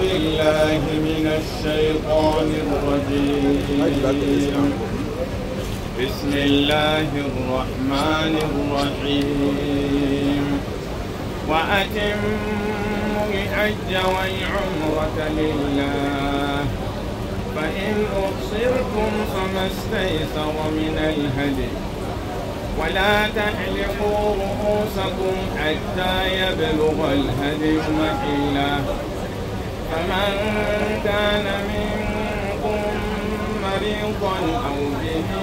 بالله من الشيطان الرجيم بسم الله الرحمن الرحيم وأتموا الحج والعمرة لله فإن أبصرتم فما استيسر من الهدي ولا تحلقوا رؤوسكم حتى يبلغ الهدي محله فمن كان منكم مريضا أو به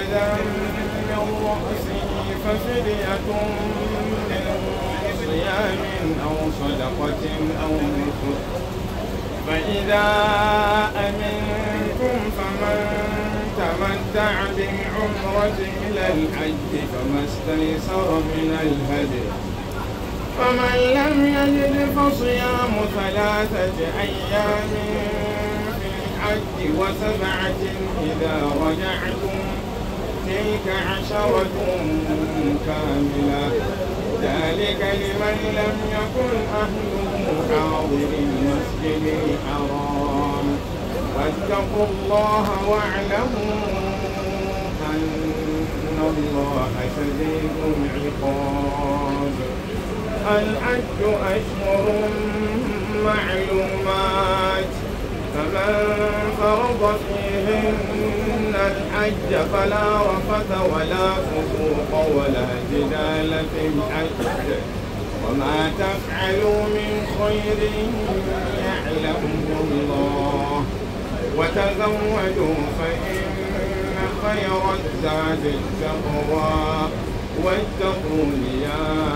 أذى من رأسه ففدية من صيام أو صدقة أو نسك فإذا أمنتم فمن تمتع بالعمرة إلى الحج فما استيسر من الهدي فمن لم يجد فصيام ثلاثة أيام في الحج وسبعة إذا رجعتم تلك عشرة كاملة ذلك لمن لم يكن أهله حاضر المسجد الحرام فاتقوا الله واعلموا أن الله شديد العقاب الحج أشهر معلومات فمن فرض فيهن الحج فلا رفث ولا فسوق ولا جدال في الحج وما تفعلوا من خير يعلمه الله وتزودوا فإن خير الزاد التقوى واتقون يا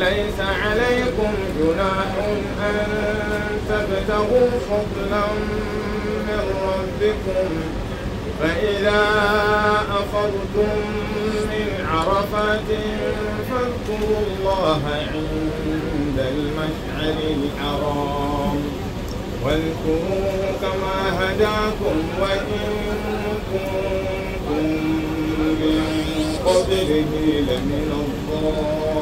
ليس عليكم جناح أن تبتغوا فضلا من ربكم فإذا أفضتم من عرفات فاذكروا الله عند المشعر الحرام واذكروه كما هداكم وإن كنتم من قبله لمن الضالين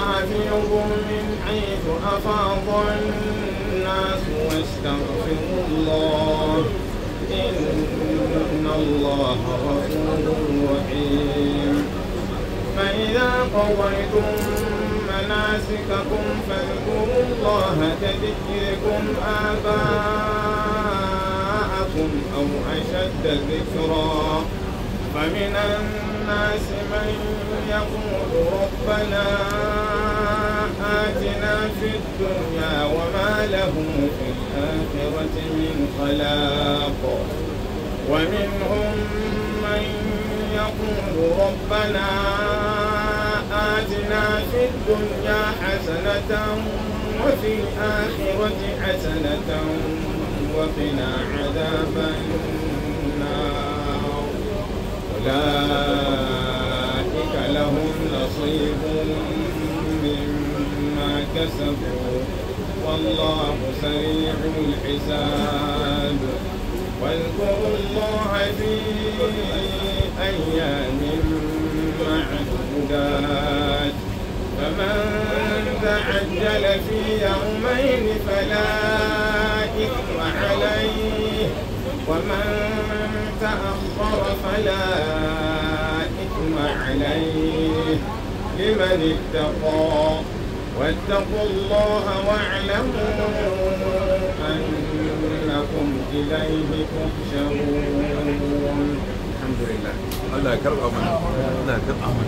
حفيظ من حيث أفاض الناس واستغفروا الله إن الله غفور رحيم فإذا قضيتم مناسككم فاذكروا الله كذكركم آباءكم أو أشد ذكرًا فمن الناس من يقول ربنا آتنا في الدنيا وما له في الآخرة من خلاق ومنهم من يقول ربنا آتنا في الدنيا حسنة وفي الآخرة حسنة وقنا عذاب النار أولئك لهم نصيب مما كسبوا والله سريع الحساب واذكروا الله في أيام معدودات فمن تعجل في يومين فلا إثم عليه ومن فلا إثم عليه لمن اتقى واتقوا الله واعلموا أنكم إليه تحشرون الحمد لله الله يكرمك الله يكرمك